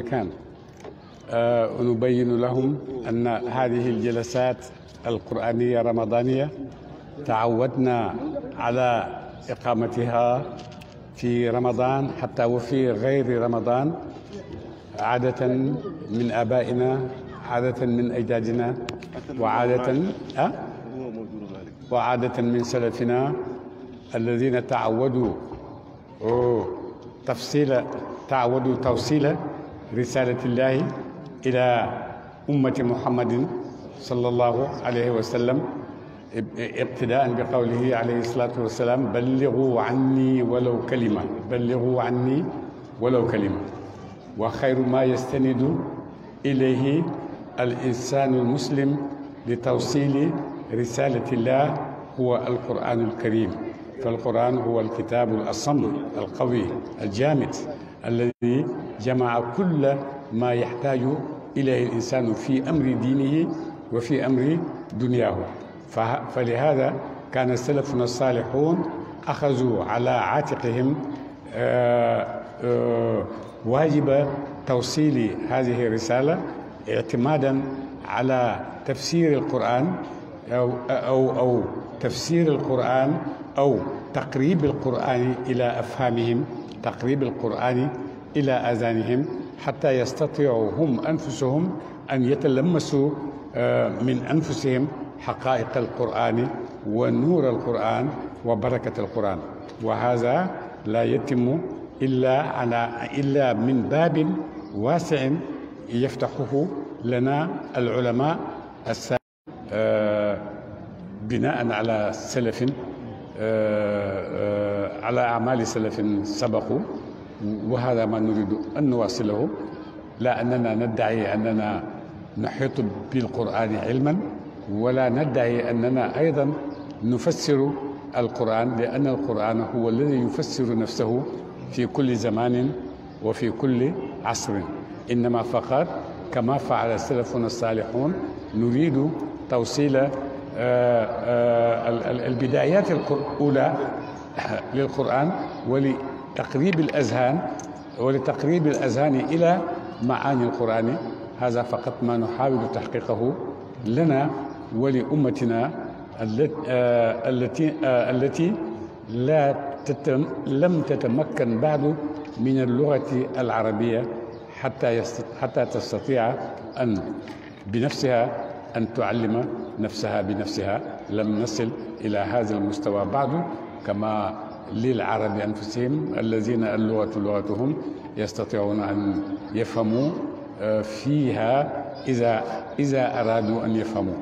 كان آه، ونبين نبين لهم أن هذه الجلسات القرآنية رمضانية تعودنا على إقامتها في رمضان حتى وفي غير رمضان عادة من آبائنا عادة من أجدادنا وعادة آه؟ وعادة من سلفنا الذين تعودوا أوه. تفصيل تعودوا توصيله رسالة الله إلى أمة محمد صلى الله عليه وسلم ابتداء بقوله عليه الصلاة والسلام بلغوا عني ولو كلمة بلغوا عني ولو كلمة وخير ما يستند إليه الإنسان المسلم لتوصيل رسالة الله هو القرآن الكريم فالقرآن هو الكتاب الأصم القوي الجامد الذي جمع كل ما يحتاج إليه الإنسان في أمر دينه وفي أمر دنياه فلهذا كان سلفنا الصالحون أخذوا على عاتقهم آه، آه، واجب توصيل هذه الرسالة اعتمادا على تفسير القرآن أو, أو, أو تفسير القرآن أو تقريب القرآن إلى أفهامهم تقريب القرآن إلى آذانهم حتى يستطيعوا هم أنفسهم أن يتلمسوا آه، من أنفسهم حقائق القرآن ونور القرآن وبركة القرآن وهذا لا يتم إلا على إلا من باب واسع يفتحه لنا العلماء السابق آه، بناء على سلف آه، على أعمال سلف سبقوا وهذا ما نريد أن نواصله لا أننا ندعي أننا نحيط بالقرآن علما ولا ندعي أننا أيضا نفسر القرآن لأن القرآن هو الذي يفسر نفسه في كل زمان وفي كل عصر إنما فقط كما فعل سلفنا الصالحون نريد توصيل آه، آه، البدايات الأولى للقرآن ولتقريب الأذهان ولتقريب الأذهان إلى معاني القرآن هذا فقط ما نحاول تحقيقه لنا ولأمتنا التي آه، آه، التي لا تتم لم تتمكن بعد من اللغة العربية حتى حتى تستطيع أن بنفسها أن تعلم نفسها بنفسها لم نصل إلى هذا المستوى بعد كما للعرب أنفسهم الذين اللغة لغتهم يستطيعون أن يفهموا آه، فيها إذا إذا أرادوا أن يفهموا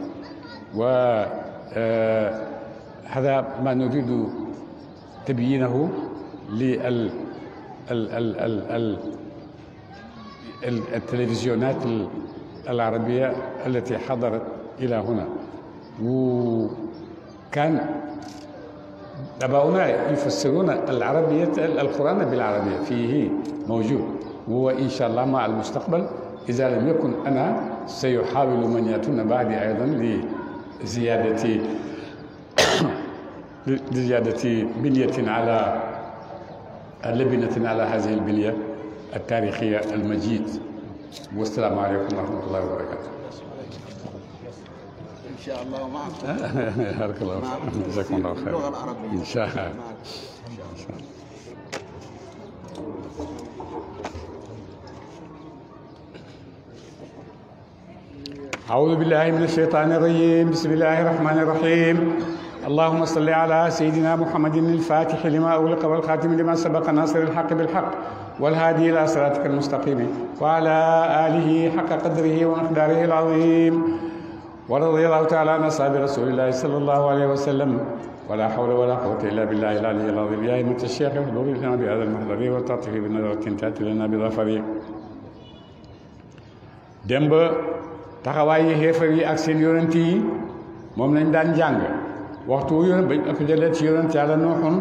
وهذا آه، ما نريد تبيينه لل التلفزيونات العربية التي حضرت إلى هنا وكان أباؤنا يفسرون العربية القرآن بالعربية فيه موجود وهو إن شاء الله مع المستقبل إذا لم يكن أنا سيحاول من يأتون بعدي أيضا لزيادة لزيادة بنية على لبنة على هذه البنية التاريخية المجيد والسلام عليكم ورحمة الله وبركاته شاء الله ومعكم بارك الله فيك جزاكم الله خير اللغه العربيه ان شاء الله أعوذ بالله من الشيطان الرجيم بسم الله الرحمن الرحيم اللهم صل على سيدنا محمد الفاتح لما أغلق والخاتم لما سبق ناصر الحق بالحق والهادي إلى صراطك المستقيم وعلى آله حق قدره ومقداره العظيم ورضي الله تعالى عن اصحاب رسول الله صلى الله عليه وسلم ولا حول ولا قوه الا بالله العلي العظيم يا ايمه الشيخ ابن لنا بهذا المحضر والتعطيف بالنظر والتنتات لنا بظفره دمب تخواي هيفري اكسين يورنتي موم لن دان جانغ وقتو يورن بن اك جلت يورنتي على نوحن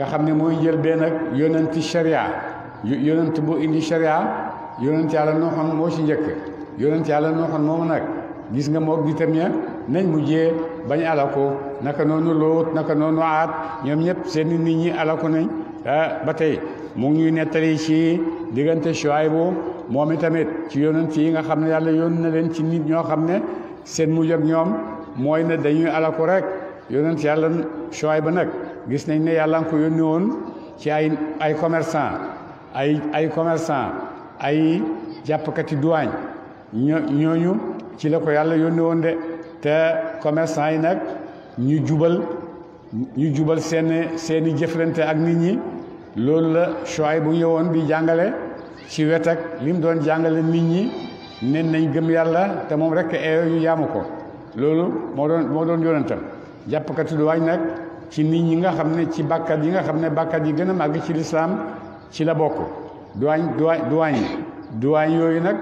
غا خامني موي جيل بينك يورنتي الشريعه يورنتي بو اندي شريعه يورنتي على نوحن موشي نجك يورنتي على نوحن مومنك نك gis nga moog bitam ña ah, nañ mujjee bañ alako naka noonu loot naka noonu aat ñoom ñëpp seen nit ñi alako nañ ah, ba tey mu ngi ne nettali ci diggante Shuaybu moom tamit ci yonent yi nga xam ne yàlla yoon na leen ci nit ñoo xam ne seen mujj ak ñoom mooy ne dañuy alako rek yonent yàlla ba nag gis nañ ne yàlla nga woon ci ay ay commerçant ay ay commerçant ay jàppkati douane ñooñu ci la ko yàlla yónnee won de te commerçant yi nag ñu jubal ñu jubal seen seeni jëflante ak nit ñi loolu la Shuayb bu ñëwoon bi jàngale ci wet ak li mu doon jàngale nit ñi nen nañ gëm yàlla te moom rek eeyoo ñu yaamu ko loolu moo doon moo doon yonentam jàppkatu duwaañ nag ci nit ñi nga xam ne ci bàkkat yi nga xam ne bàkkat yi gën a màgg ci lislaam ci la bokk duwaañ duwaañ duwaañ yi duwaañ yooyu nag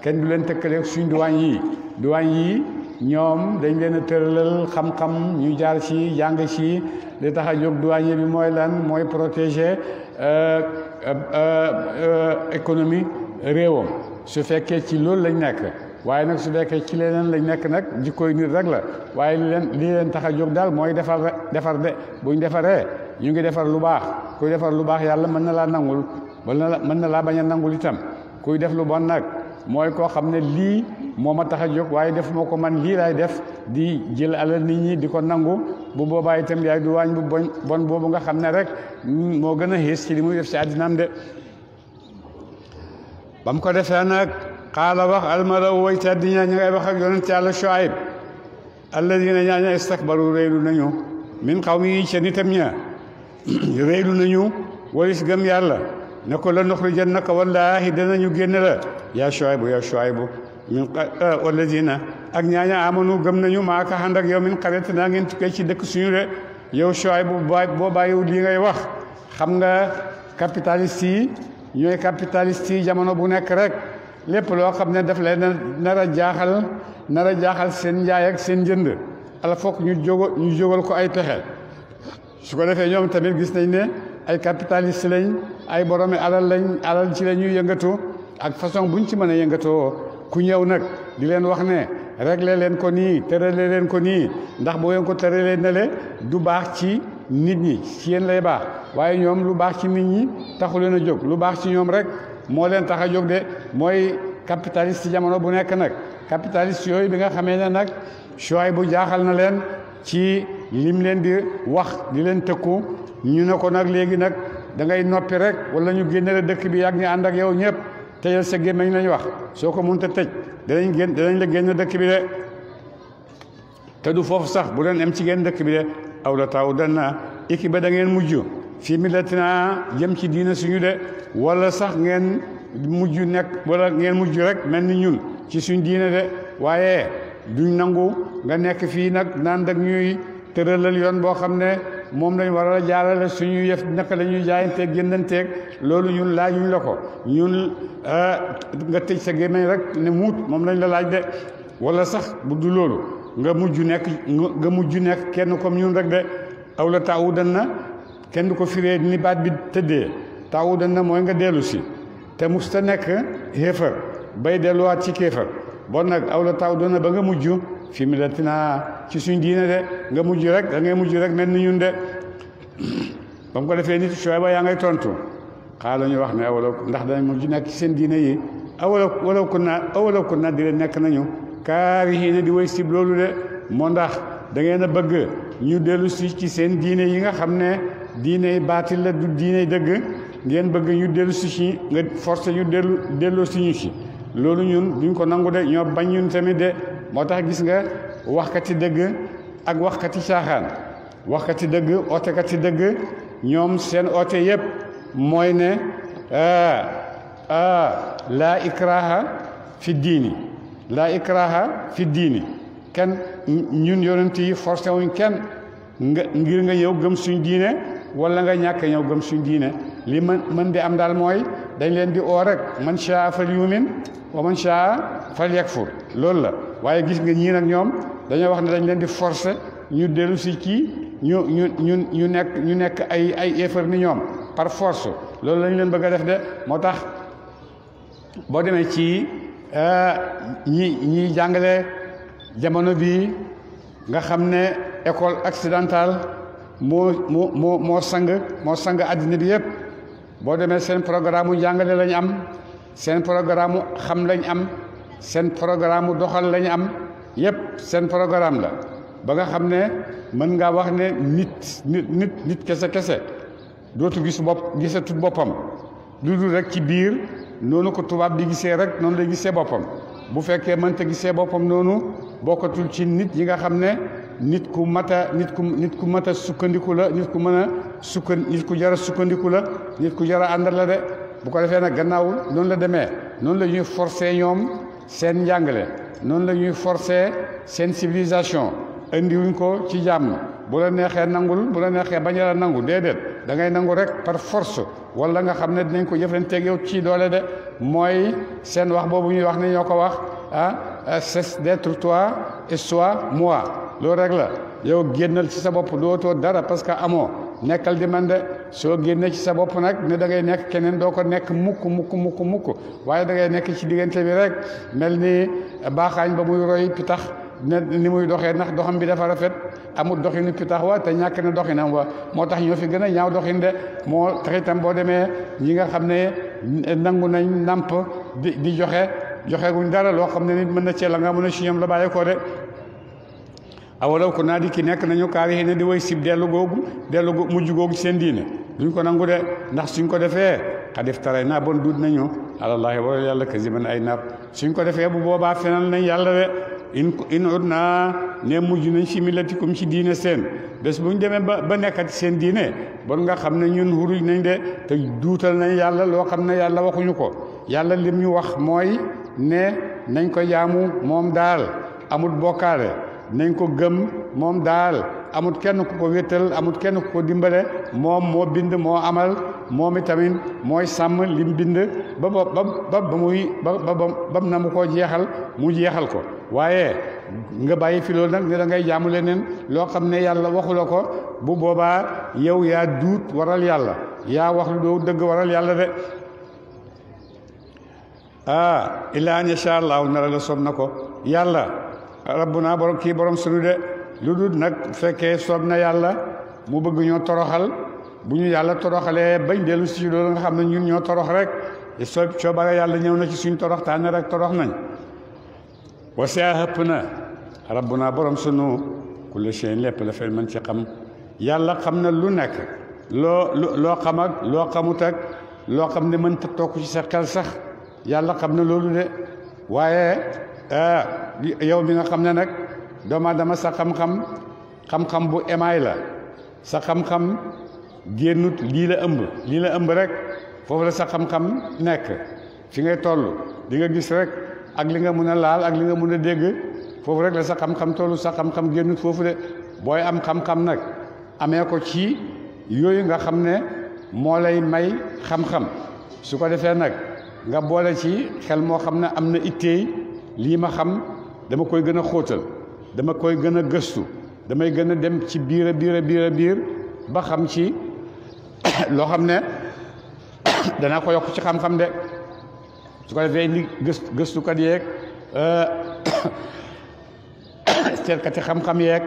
kenn du leen suñ duwaañ yi duwaañ yi ñoom dañ leen a tëralal xam-xam ñu jaar ci jàng ci li tax a jóg douanier bi mooy lan mooy protéger euh, euh, euh, économie réewam su fekkee ci loolu lañ nekk waaye nag su fekkee ci leneen lañ nekk nag jikkooy nit rek la waaye li leen li leen tax a jóg daal mooy defar defar de buñ defaree ñu ngi defar lu baax kuy defar lu baax yàlla mën na laa nangul wala mën na laa bañ a nangul itam kuy def lu bon nag. mooy koo xam ne lii moo ma tax a jóg waaye def moo ko man lii laay def di jël alal nit ñi di ko nangu bu boobaa itam yaay du waañ bu bon bon boobu nga xam ne rek moo gën a xiis ci li muy def ci àddinaam de ba mu ko defee nag xaala wax almara woy tedd ña ñu ngay wax ak yonent yàlla Shuayb alladina ñaaña istakbaru réylu nañu min xaw mi yi ca nitam ña réylu nañu walis gëm yàlla ne ko la nuxrijannaka wallaahi danañu génne la yaa Shuaybu yaa Shuaybu min ah, wallazina ak ñaaña amanu gëm nañu maaka ànd ak yow min xarit naa ngeen tukkee ci dëkk suñu de yow Shuaybu boo bàyyi bàyyiwul li ngay wax xam nga capitaliste yi ñooy capitaliste yi jamono bu nekk rek lépp loo xam ne daf lay nar a jaaxal nar a jaaxal seen njaay ak seen njënd ala foog ñu jóg ñu jógal ko ay pexe su ko defee ñoom tamit gis nañ ne ay capitaliste lañ ay boromi alal lañ alal ci la ñuy yëngatu ak façon buñ ci mën a yëngatoo ku ñëw nag di leen wax ne réglé leen ko nii tërale leen ko nii ndax boo ngeen ko tëralee na le du baax ci nit ñi ci yéen lay baax waaye ñoom lu baax ci nit ñi taxu leen a jóg lu baax ci ñoom rek moo leen tax a jóg de mooy ci jamono bu nekk nag capitaliste yooyu bi nga xamee ne nag choix bu jaaxal na leen ci lim leen di wax di leen tëkku ñu ne ko nag léegi nag da ngay noppi rek wala ñu génne la dëkk bi yàgg ñu ànd ak yow ñëpp tëjal sa gémmiñ lañ wax soo ko mënut a tëj danañ génn danañ la génn dëkk bi de te du foofu sax bu leen am ci génn dëkk bi de aw la taw dana iki ba da ngeen mujj fii ti millatina jëm ci diina suñu de walla sax ngeen mujj nekk wala ngeen mujj rek mel ni ñun ci suñ diina de waaye duñ nangu nga nekk fii nag naan dag ñuy tëralal yoon boo xam ne moom lañu war a jaarale suñu yëf naka la ñuy jaayanteeg géndanteeg loolu ñun laajuñ la ko ñun euh, nga tëj sa gémmiñ rek ne muut moom lañ la laaj de wala sax bu du loolu nga mujj nekk nga mujj nekk kenn comme ñun rek de aw la taawu dan na kenn du ko firee ni baat bi tëddee taawu dan na mooy nga dellu si te mus ta nekk xéefar bay delluwaat ci kéefar bon nag aw la taawu dan na ba nga mujj fi mi naa ci suñ diine de nga mujj rek da ngay mujj rek mel ni ñun de ba ko defee nit Shuayba yaa ngay tontu xaala ñu wax ne awalaw ndax dañ mujj nekk ci seen diine yi awalaw walaw kun naa awalaw kun naa di leen nekk nañu kaarihiina di way sib loolu de moo ndax da ngeen a bëgg ñu dellusi ci seen diine yi nga xam ne diiney baatil la du diiney dëgg ngeen bëgg ñu dellusi si nga forcé ñu dellu delloo si ñu ci loolu ñun duñ ko nangu de ñoo bañ ñun tamit de moo tax gis nga waxkati dégg ak wax waxkati caaxaan waxkati ka ootekati dégg ñoom seen oote yëpp mooy ne ah, ah, laa ikraha fi diini laa ikraha fi diini kenn ñun yonent yi forcé wuñ kenn nga ngir nga ñëw gëm suñ diine wala nga ñàkk ñëw gëm suñ diine li mën mën di am daal mooy dañ leen di oo rek man caa fal yumin mancha man caa fal loolu la waaye gis nga ñii nag ñoom dañoo wax ne dañ leen di forcer ñu dellu si ci ñu ñu ñu ñu nekk ñu nekk ay ay effort ni ñoom par force loolu lañ leen bëgg a def de moo tax boo demee ci euh, ñi ñi jàngale jamono bii nga xam ne école occidentale moo moo moo sang moo sang àddina bi yëpp. boo demee seen programme mu njàngale lañ am seen programme mu xam lañ am seen programme mu doxal lañ am yépp seen programme la ba nga xam ne mën ngaa wax ne nit nit nit kese kese dootu gis bopp gisatut boppam lu dul rek ci biir noonu ko tubaab di gisee rek noonu lay gisee boppam bu fekkee mënta gisee boppam noonu bokkatul ci nit yi nga xam ne. nit ku mat nit ku nit ku mat sukkandiku la nit ku mën a sukka ku jar sukkandiku la nit ku jar a àndal de bu ko defee nag gannaawul noonu la demee noonu la ñuy forcé ñoom seen njàngale noonu la ñuy forcé seen civilisation indiwuñ ko ci jàmm bu la neexee nangul bu la neexee ba a la nangu déedéet dangay ngay nangu rek par force wala nga xam ne dinañ ko jëflanteeg yow ci doole de mooy seen wax boobu ñuy wax ne ñoo ko wax ah euh, cesse d'être toi et sois moi loolu rek la yow génnal ci sa bopp doo dootoo dara parce que amoo nekkal di man de soo génnee ci sa bopp nag ne dangay nekk keneen doo ko nekk mukk mukk mukk mukk waaye da ngay nekk ci diggante bi rek mel ni baaxaañ ba muy roy pitax ne ni muy doxee ndax doxam bi dafa rafet amul doxinu pitax wa te ñàkk na doxinam wa moo tax ñoo fi gën a ñaaw doxin de moo tax itam boo demee ñi nga xam ne nangu nañ nàmp di di joxe joxe guñ dara loo xam ne nit mën na cee la nga mën a si ñoom la bàyyeekoo de awalaw ko naa di ki nekk nañu kaari xi ne di way sib dellu googu dellu mujj googu seen diine duñ ko nangu de ndax suñ ko defee xadif taray naa bon duut nañu àlallaahi wala yàlla kasiban ay nar suñ ko defee bu boobaa fenal nañ yàlla de in in ut naa ne mujj nañ si millatikum ci diine seen bés bu ñu demee ba ba nekkati seen diine bon nga xam ne ñun xuruj nañ de te duutal nañ yàlla loo xam ne yàlla waxuñu ko yàlla lim ñu wax mooy ne nañ koy jaamu moom daal amul bokkaale nañ ko gëm moom daal amut kenn ku ko wéttal amut kenn ku ko dimbale moom moo bind moo amal moomi tamit mooy sàmm lim bind ba ba ba ba ba ba na mu koo jeexal mu jeexal ko waaye nga bàyyi fi loolu nag ne da ngay jaamu leneen loo xam ne yàlla waxula ko bu boobaa yow yaa duut waral yàlla yaa wax doo dëgg waral yàlla de ah illaa insha allahu nara la som na ko yàlla naa borom kii borom sunu de lu dul nag fekkee soob na yàlla mu bëgg toroxal bu ñu yàlla toroxalee bañ dellu si loolu nga xam ne ñun ñoo torox rek i soo coobare yàlla ñëw na ci suñu torox taane rek torox nañ a xëpp na rabbuna borom sunu kullu shay'in lépp la fay mën ci xam yàlla xam na lu nekk loo loo xam ak loo xamut ak loo xam ne mën ta toog ci sa xel sax yàlla xam na loolu de waaye Ah, yow bi nga xam ne nag doomu aadama sa xam-xam xam-xam bu emaay la sa xam-xam génnut lii ëmb lii ëmb rek foofu la sa xam-xam nekk fi ngay toll di nga gis rek ak li nga mën a laal ak li nga mën a dégg foofu rek la sa xam-xam toll sa xam-xam génnut foofu de booy am xam-xam nag amee ko ci yooyu nga xam ne moo lay may xam-xam su ko defee nag nga boole ci xel moo xam ne am na itteey lii ma xam dama koy gën a xóotal dama koy gën a gëstu damay gën a dem ci biira a biir biir ba xam ci loo xam ne danaa ko yokk ci xam-xam de su ko defee ni gëstu gëstukat yeeg euh, seetkati xam-xam yeeg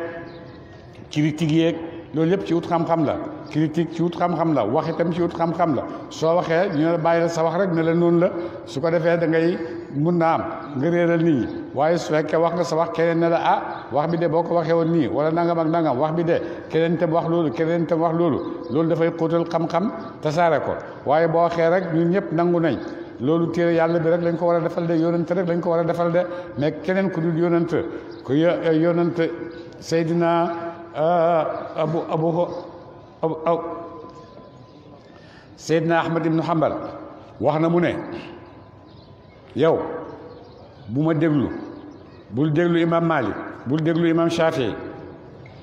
critique yeeg loolu yëpp ci wut xam-xam la critique ci wut xam-xam la wax itam ci wut xam-xam la soo waxee ñu ne la bàyyi la sa wax rek ne la noonu la su ko defee da mun na am nga réeral nit ñi waaye su fekkee wax nga sa wax keneen ne la ah wax bi de boo ko waxee woon nii wala nangam ak nangam wax bi de keneen tam wax loolu keneen tam wax loolu loolu dafay xóotal xam-xam tasaare ko waaye boo waxee rek ñun ñëpp nangu nañ loolu téere yàlla bi rek lañ ko war a defal de yonent rek lañ ko war a defal de mais keneen ku dul yonent ku yonent Seydina abu abu abu Seydina Ahmad ibnu Hanbal wax na mu ne yow bu ma déglu bul déglu imam malik bul déglu imam shafi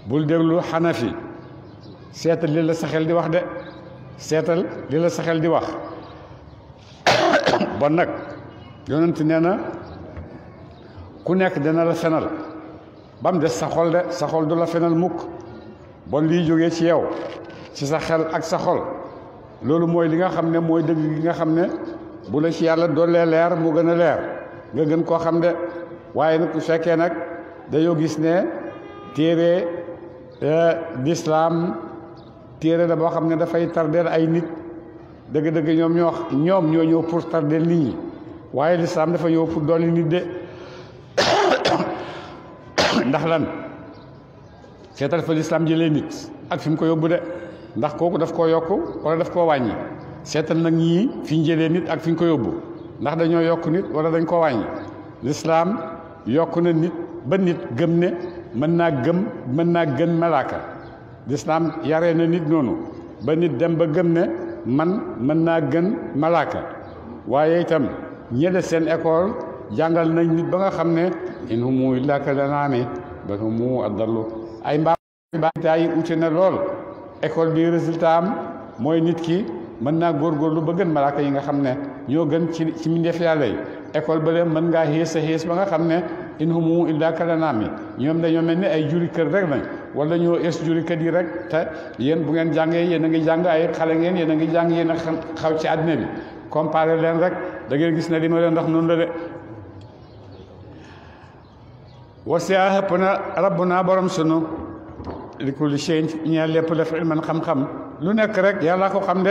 bul déglu xanafi seetal li la sa xel di wax de seetal li la sa xel di wax bon nag yonent nee na ku nekk dana la fenal ba mu des sa xol de sa xol du la fenal mukk bon liy jógee ci yow ci sa xel ak sa xol loolu mooy li nga xam ne mooy dëgg gi nga xam ne bu la ci yàlla dollee leer mu gën a leer nga gën koo xam de waaye nag su fekkee nag dañoo gis ne téere euh, lislaam téere la boo xam ne dafay tardeel ay nit dëgg-dëgg ñoom ñoo ñoom ñoo ñëw pour tardeel nit ñi waaye lislaam dafa ñëw pour dolli nit de ndax lan seetal fa lislaam jëlee nit ak fi mu ko yóbbu de ndax kooku daf koo yokk wala daf koo wàññi seetal nag ñii fi ñu jëlee nit ak fi ñu ko yóbbu ndax dañoo yokk nit wala dañ ko wàññi lislaam yokk na nit ba nit gëm ne mën naa gëm mën naa gën malaaka lislaam yaree na nit noonu ba nit dem ba gëm ne man mën naa gën malaaka waaye itam ñële seen école jàngal nañ nit ba nga xam ne in humu illaa ka lanaami bal humu addallu ay mbaa mbaam yi ute na lool école bi résultat am mooy nit ki mën naa góorgóorlu lu gën malaaka yi nga xam ne ñoo gën ci ci mbindeef yàlla yi école bële mën ngaa xiis a xiis ba nga xam ne in humu illa kalanaami ñoom dañoo mel ni ay juri kër rek lañ wala ñoo es juri kër yi rek te yéen bu ngeen jàngee yéen a ngi jàng ay xale ngeen yéen a ngi jàng yéen a xaw ci àddina bi comparé leen rek da gis ne li ma ndax noonu la de wasi'a xëpp na rabbuna borom sunu li kulli shay'in ñeel lépp def ilman xam lu nekk rek yàlla ko xam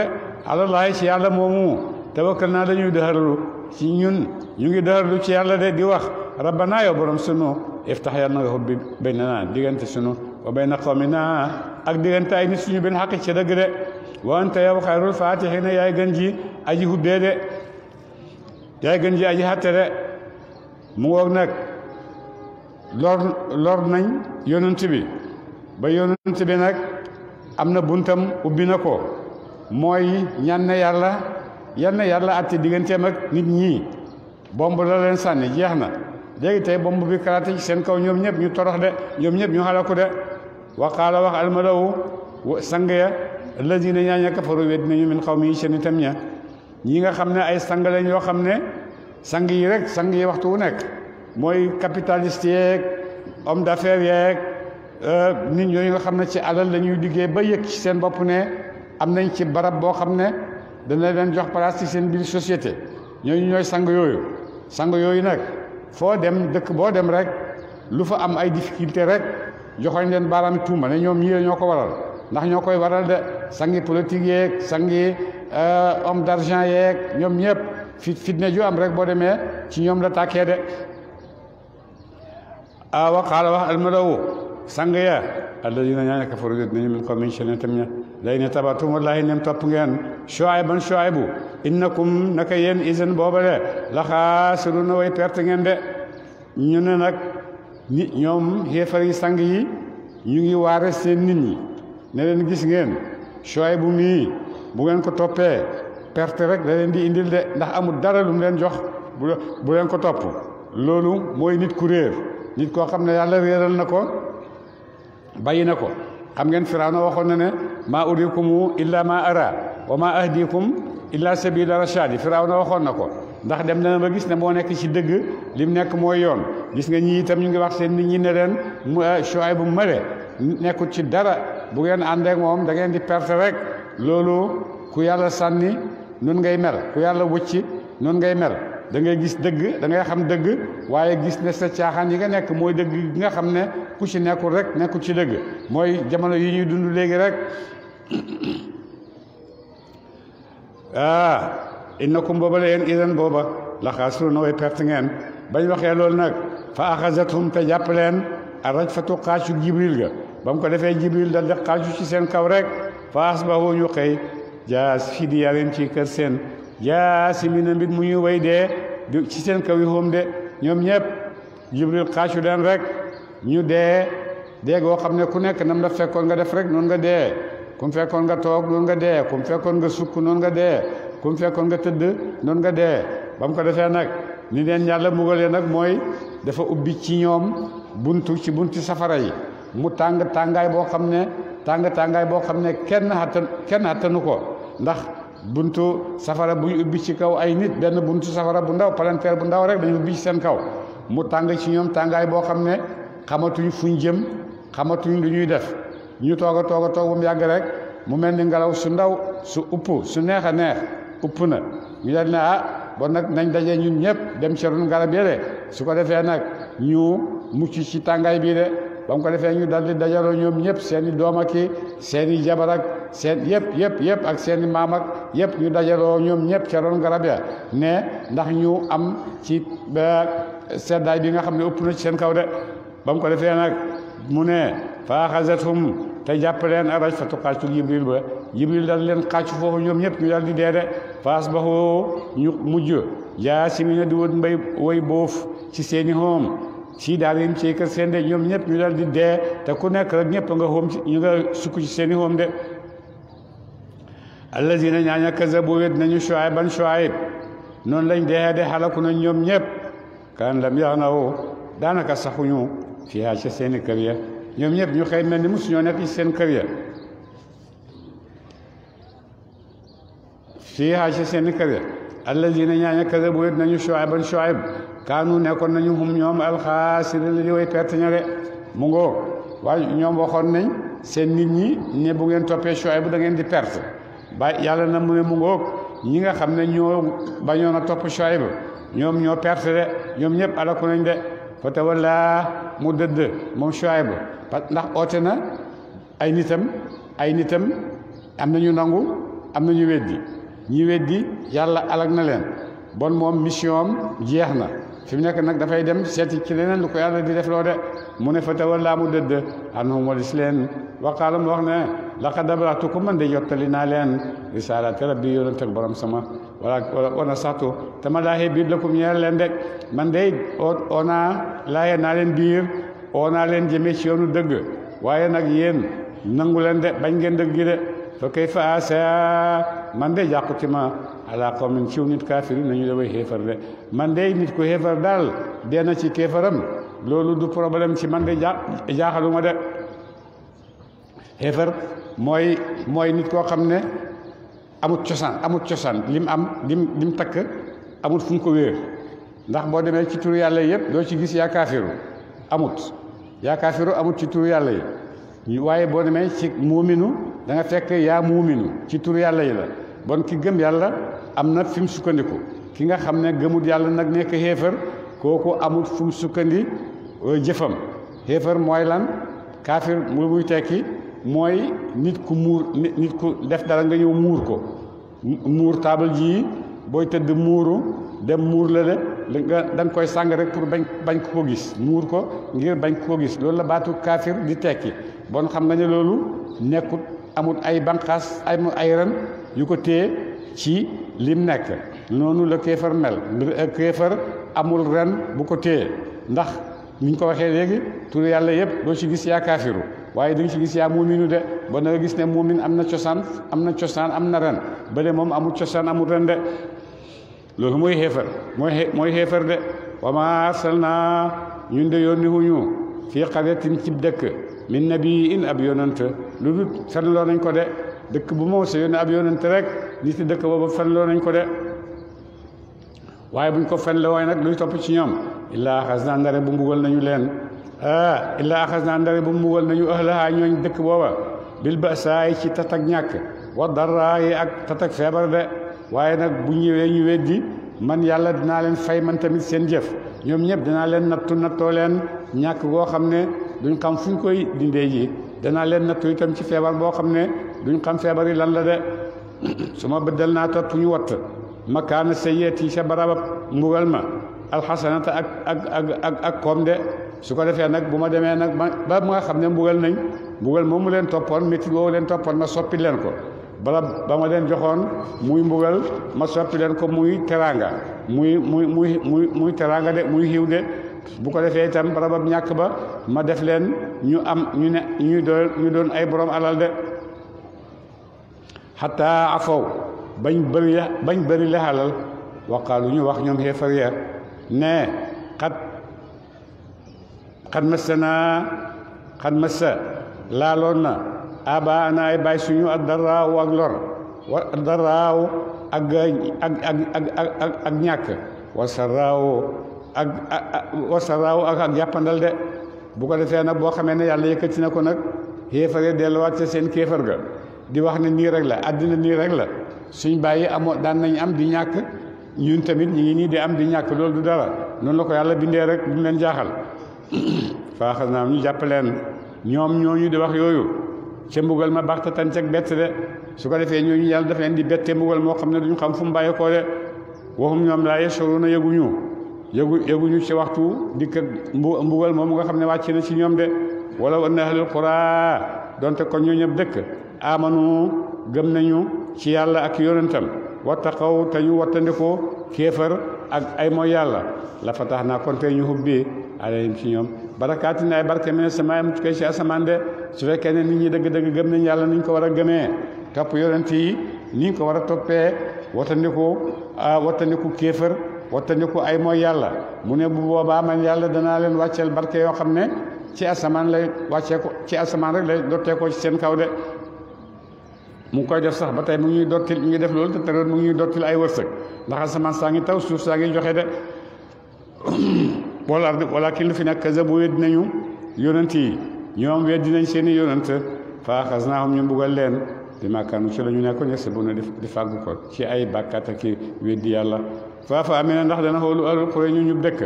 alallahi ci yàlla moomu tawakkal naa dañuy dëxarlu ci ñun ñu ngi dëxarlu ci yàlla de di wax rabbana yow borom sunu iftax yàlla na nga baynana diggante sunu wa bayna qawmina ak diggante ay nit suñu benn xàq ci dëgg de wa anta yow xayrul faatixina yaay gën aji hubbee de yaay gën aji xatte mu ngoog nag lor lor nañ yonent bi ba yonent bi nag am na buntam ubbi na ko mooy ñaan na yàlla yan na yàlla àtte digganteem nit ñi bomb la leen sànni jeex na léegi tey bomb bi kalaate ci seen kaw ñoom ñëpp ñu torox de ñoom ñëpp ñu xalaku de waqaala wax almalawu sang ya alladina ñaaña kafaru wet nañu min xaw mi yi seen itam ña ñii nga xam ne ay sang lañ yoo xam ne sang yi rek sang yi waxtu wu nekk mooy capitaliste yeeg homme d'affaires yeeg euh, nit ñooñu nga xam ne ci alal la ñuy liggéey ba yëg ci seen bopp ne am nañ ci barab boo xam ne dana leen jox place ci seen biir société ñooñu ñooy sang yooyu sang yooyu nag foo dem dëkk boo dem rek lu fa am ay difficulté rek joxoñ leen baaraami tuuma ne ñoom ñii ñoo ko waral ndax ñoo koy waral de sangi politique yeeg sangi euh, homme d'argent yeeg ñoom ñëpp fit fitne ju am rek boo demee ci ñoom la tàkkee de euh, wa qaala wax almadawu sang ya na alladina ñaa nekk faru dinañu min qawmin shanitam ña lay ne tabatum wallahi nem topp ngeen na shuaybu innakum naka yéen isin boobale la xaasiruna way perte ngeen de ñu ne nag nit ñoom xéefar yi sang yi ñu ngi waare seen nit yi ne leen gis ngeen bu mii bu ngeen ko toppee perte rek da leen di indil de ndax amul dara lum leen jox bu leen ko topp loolu mooy nit ku réer nit koo xam ne yàlla réeral na ko bàyyi na ko xam ngeen firawna waxoon na ne maa urikumu illa ma ara wa ma ahdikum illa sabila rashadi firawna waxoon na ko ndax dem na ba gis ne moo nekk ci dëgg li mu nekk mooy yoon gis nga ñi itam ñu ngi wax seen nit ñi ne leen eh, Shuayb bu mële nekkul ci dara bu ngeen àndeek moom da ngeen di perte rek loolu ku yàlla sànni nun ngay mel ku yàlla wucci nun ngay mel da ngay gis dëgg da ngay xam dëgg waaye gis ne sa caaxaan yi nga nekk mooy dëgg gi nga xam ne ku ci nekkul rek nekkul ci dëgg mooy jamono yi ñuy dund léegi rek ah innakum booba la yéen idan booba la xaasiruna way perte ngeen bañ waxee loolu nag fa axazathum te jàpp leen arrajfatu xaacu jibril ga ba ko defee jibril dal di xaacu ci seen kaw rek fa asbahu ñu xëy jaas fi diyaareen ci kër seen jaasimina mbit mu ñuy way dee ci seen kaw yi xóom de ñoom ñëpp jibril xaacu leen rek ñu dee dee goo xam ne ku nekk nam la fekkoon nga def rek noonu nga dee ku mu fekkoon nga toog noonu nga dee ku mu fekkoon nga sukk noon nga dee ku fekkoon nga tëdd noonu nga dee ba mu ko defee nag ni leen yàlla mugalee nag mooy dafa ubbi ci ñoom buntu ci buntu safara yi mu tàng tàngaay boo xam ne tàng tàngaay boo xam ne kenn attan attanu ko ndax buntu safara buñ ubbi ci kaw ay nit benn buntu safara bu ndaw palanteer bu ndaw rek dañu ubbi ci seen kaw mu tàng ci ñoom tàngaay boo xam ne xamatuñ fuñ jëm xamatuñ lu ñuy def ñu toog a toog a toog yàgg rek mu mel ni ngelaw su ndaw su upp su neex a neex upp na ñu daal ne ah bon nag nañ daje ñun ñëpp dem ci ron garab su ko defee nag ñu mucc ci tàngaay bii de ba ko defee ñu daldi dajaloo ñoom ñëpp seeni i doom ak seen i jabar ak seen yëpp yëpp yëpp ak seen i maam yëpp ñu dajaloo ñoom ñëpp ca roon garab ya ne ndax ñu am ci seddaay bi nga xam ne ëpp na ci seen kaw de ba ko defee nag mu ne faaxazatum te jàpp leen araj fa tuqaactu jibril ba jibril dal leen xàccu foofu ñoom ñëpp ñu dal di dee de faas ba ñu mujj jaa si di wët mbay way boof ci seeni xoom ci daal yi ci kër sende ñom ñep ñu dal di dé te ku nekk rek ñep nga xóom ñu nga sukk ci seen i de allazina ñaaña kazabu wét nañu Shuayban Shuayb non lañ dé de halaku na ñom ñep kan lam yax danaka woo daanaka saxuñu fiyaa ca seen i kër ya ñoom ñëpp ñu xëy melni musu ñoo nekk ci seen kër ya ha ci seen i kër ya allazina ñaaña kazabu wét nañu Shuayban Shuayb kaanu nekkoon nañu hum ñoom alxaasiri di way perte ña wa mu ngoo waaye ñoom waxoon nañ seen nit ñi ne bu ngeen toppee Shuayb bu dangeen di perte ba yàlla na mu ne mu ñi nga xam ne ñoo bañoon a topp Shuayb ba ñoom ñoo perte de ñoom ñëpp alaku nañ de fa tawalla mu dëdd moom Shuayb ba parce ndax oote na ay nitam ay nitam am nañu nangu am nañu weddi ñi weddi yàlla alag na leen bon moom mission jeex na fi mu nekk nag dafay dem seeti ci leneen lu ko yàlla di def loo de mu ne fa tawallaa mu dëdd anhum walis leen waqaala mu wax ne laqad ablaxtukum man de jottali naa leen risaalaati rabbi yonent ak borom sama wala ona saxtu te ma laaxee biir lakum ñeel leen de man de ona laaye naa leen biir naa leen jëmee ci yoonu dëgg waaye nag yéen nangu leen de bañ ngeen dëgg gi de fa kayfa asa man de jàquti ma ala qawmin ciw nit kaafiri nañu de way xéefar de man de nit ku xéefar daal dee na ci kéefaram loolu du problème ci man de jaaxaluma de xéefar mooy mooy nit koo xam ne amut cosaan amut cosaan lim am lim lim takk amut fu ko wéer ndax boo demee ci turu yàlla yëpp doo ci gis yaa kaafiru amut yaa kaafiru amut ci turu yàlla yi waaye boo demee ci muuminu da nga fekk yaa muuminu ci tur yàlla yi la bon ki gëm yàlla am na fi mu sukkandiku ki nga xam ne gëmut yàlla nag nekk xéefar kooku amut fu sukkandi euh, jëfam xéefar mooy lan kaafir muy tekki mooy nit ku muur nit ku def dara nga ñëw muur ko muur taabal ji booy tëdd muuru dem muur la de nga koy sàng rek pour bañ bañ ko ko gis muur ko ngir bañ ko ko gis loolu la baatu kaafir di tekki bon xam nga loolu nekkut amut ay banqaas ay ay ren yu ko tée ci lim nekk noonu la kéefar mel eh, kéefar amul ren bu ko téye ndax niñ ko waxee léegi tur yàlla yëpp doo ci gis yaa kaafiru waaye di nga ci gis yaa muuminu de ba na nga gis ne muumin am na cosaan am na cosaan am na ren ba moom amul cosaan amul ren de loolu mooy xeefar mooy mooy xeefar de wa ma arsalna ñun de yónni wuñu fii qaryatin cib dëkk min nabii in ab yonant lu dul fenloo nañ ko de dëkk bu moo sa yónne ab yonant rek nit ci dëkk boobu fenloo nañ ko de waaye buñ ko fenloo waaye nag luy topp ci ñoom illaa axas naa ndare bu mbugal nañu leen a ah, illaa axas naa ndare bu mbugal nañu ahlahaa ñooñ dëkk booba bil saa saay ci tat ak ñàkk wa darraayi ak tat ak feebar de waaye nag bu ñëwee ñu di man yàlla naa leen fay man tamit seen jëf ñoom ñëpp dinaa leen nattu nattoo duñ xam fuñ koy dindee ji danaa leen nattu itam ci feebar boo xam ne duñ xam feebar yi lan la de su ma bëddal naa ta tuñu watt makaana sayyi'at yi sa barabab mbugal ma alxasanata ak ak ak ak koom de su ko defee nag bu ma demee nag ba mu nga xam ne mbugal nañ mbugal moomu leen toppoon métti woowu leen toppoon ma soppi leen ko bala ba ma leen joxoon muy mbugal ma soppi leen ko muy teraanga muy muy muy muy muy teraanga de muy xiw de bu ko defee itam barabam ñàkk ba ma def leen ñu am ñu ne ñu doon doon ay boroom alal de xataa afaw bañ bëri bañ bëri le xalal waqaalu ñu wax ñoom xeefar ya ne xat xat mës naa xat mës laaloon na aba ana ay baay suñu ak daraaw ak lor wa daraaw ak ak ak ñàkk wa saraaw ak wasaraaw ak ak jàppandal de bu ko defee nag boo xamee ne yàlla yëkkati na ko nag xéefare delluwaat ca seen kéefar ga di wax na nii rek la àddina nii rek la suñ bàyyi amoo daan nañ am di ñàkk ñun tamit ñu ngi nii di am di ñàkk loolu du dara noonu la ko yàlla bindee rek du leen jaaxal faaxal naa ñu jàpp leen ñoom ñooñu di wax yooyu ca mbugal ma baxta tan cag bett de su ko defee ñooñu yàlla daf leen di bette mbugal moo xam ne duñu xam fu mu bàyyi koo de waxum ñoom laa yashuruna yëguñu yëgu yëguñu ci waxtu dikk mbu mbugal moom nga xam ne wàcc na ci ñoom de wala anna ahlul quraa donte kon ñoo ñëpp dëkk amanu gëm nañu ci yàlla ak yonentam wattaqaw te ñu wattandikoo kéefar ak ay mooy yàlla la fa tax naa kon tey ñu hubbi alayhim ci ñoom barakaatin ay barke mene samaay mu tukkee ci asamaan de su fekkee ne nit ñi dëgg-dëgg gëm nañ yàlla ni ko war a gëmee topp yonent yi ni ko war a toppee wattandiku ah, wattandiku kéefar wattandiku ay mooy yàlla mu ne bu boobaa man yàlla danaa leen wàcceel barke yoo xam ne ci asamaan lay wàccee ko ci asamaan rek lay dottee ci seen kaw de mu ngi koy def sax ba tey mu ñuy dottil mu ngi def loolu te teroon mu ngi ñuy dottil ay wërsëg ndax asamaan saa ngi taw suuf saa ngi joxe de wala wala ki lu fi nag kaza bu weddi nañu yonent yi ñoom di nañ seeni i yonent xas naa xam ñu mbugal leen di màkkaanu ci la ñu nekkoon yegsi bu ne di fàggu ko ci ay bàkkaat ak weddi yàlla faafa amee na ndax dana xoolu alul xure ñu ñu dëkk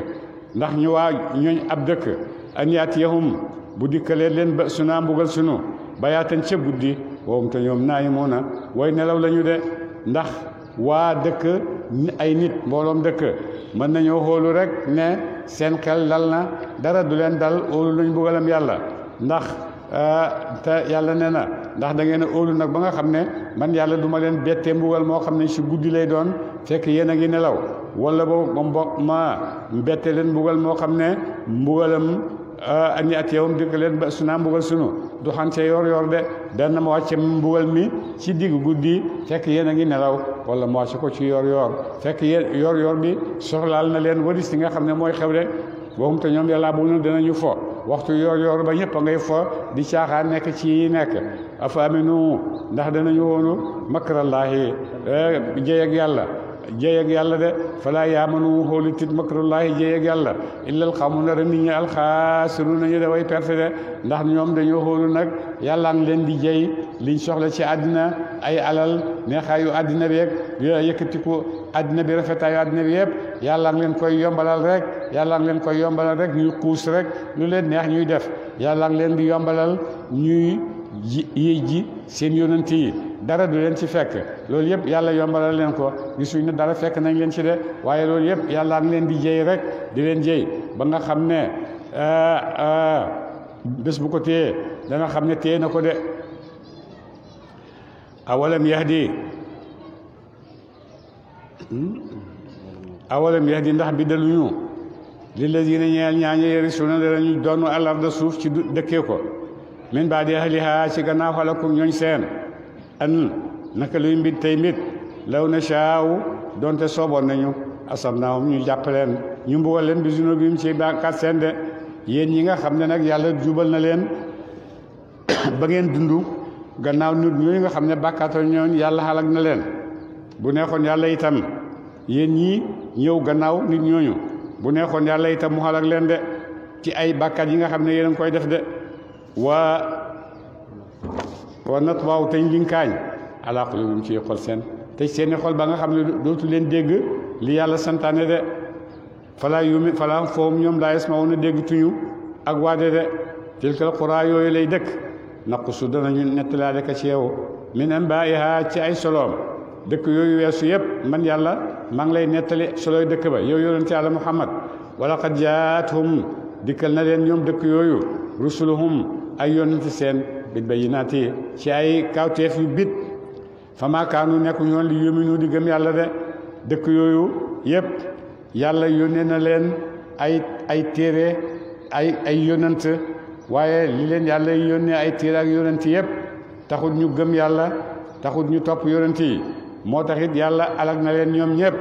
ndax ñu waa ñoñ ab dëkk an yaatiyahum bu dikkalee leen ba sunaa mbugal sunu bayaatan ca guddi woowum te ñoom naa yi moo na way nelaw lañu de ndax waa dëkk ay nit mbooloom dëkk mën nañoo xoolu rek ne seen kel lal na dara du leen dal óolu luñ mbugalam yàlla ndax Euh, te yàlla nee na ndax da ngeen a óolu nag ba nga xam ne man yàlla duma leen bettee mbugal moo xam ne si guddi lay doon fekk yéen a ngi nelaw wala boobu ma mbo ma bette leen mbugal moo xam ne mbugalam euh, ani at yowam dikk leen ba sunaa mbugal sunu du xam see yor yor de dana ma wàcce mbugal mi ci digg guddi fekk yéen a ngi nelaw wala ma wàcce ko ci yor yor fekk yéen yor yor bi soxlaal na leen waris si nga xam ne mooy xew de boobu te ñoom yàlla bu nu danañu fo waxtu yoor yoor ba ñëpp a ngay fo di caaxaan nekk ci yi nekk afaaminu ndax danañu woonu eh, makrallaahi jëy ak yàlla jëy yàlla de falaa yaamanu xoolu tit makrullaahi jëy ak yàlla illal xamu na rek nit ñi alxaasiru nañu de way perte de ndax ñoom dañoo xoolu nag yàlla leen di jëy liñ soxla ci àddina ay alal neexaayu àddina beeg yëkkatiku addina bi rafetaayu addina bi yëpp yàlla ngi leen koy yombalal rek yàlla ngi leen koy yombalal rek ñuy xuus rek lu leen neex ñuy def yàlla leen di yombalal ñuy ji yéey ji seen yonent yi dara du leen ci fekk loolu yëpp yàlla yombalal leen ko gisuñ ne dara fekk nañ leen ci de waaye loolu yëpp yàlla ngi leen di jëy rek di leen jëy ba nga xam ne euh, euh, bés bu ko téye danga xam ne téye na ko de awalam yahdi Hmm. awalam yahdi ndax bi daluñu lillazina ñeel ñaañe yarisuna danañu doon alarda suuf ci dëkkee ko min baadi ahliha ci gannaaw xalakum ñooñ seen an naka luy mbit tey mbit law na caaw donte sooboon nañu asam naawum ñu jàppaleen ñu mbugal leen bi zunub bi mu ci bàkkaat seen de yéen ñi nga xam ne nag yàlla jubal na leen ba ngeen dund gannaaw nit ñooñu nga xam ne bàkkaatoon ñooñ yàlla xalak na leen bu neexoon yàlla itam yéen ñii ñëw gannaaw nit ñooñu bu neexoon yàlla itam mu xalak leen de ci ay bàkkaat yi nga xam ne yéen a ngi koy def de waa wa nat waaw tañ kaañ alaa quluubihim ci xol seen tëj seeni xol ba nga xam ne dootu leen dégg li yàlla santaane de falaa yumi falaa foom ñoom laa yasma'uuna dégg tuñu ak waade de tilkal xuraa yooyu lay dëkk naqsu danañu nettalaale ka ci yow min ambaa'ihaa ci ay soloom dëkk yooyu weesu yëpp man yàlla maa ngi lay nettali solooy dëkk ba yow yonent yàlla muhammad wala qad jaathum dikkal na leen ñoom dëkk yooyu rusuluhum ay yonent seen bil bayyinaati ci ay kawteef yu bit fa maa kaanu nekku ñoon li yuminu di gëm yàlla de dëkk yooyu yëpp yàlla yónnee na leen ay ay téere ay ay yonent waaye li leen yàlla yónnee ay téere ak yonent yëpp taxut ñu gëm yàlla taxut ñu topp yonent yi موتاخيت يالا الاك نالين نيوم نييب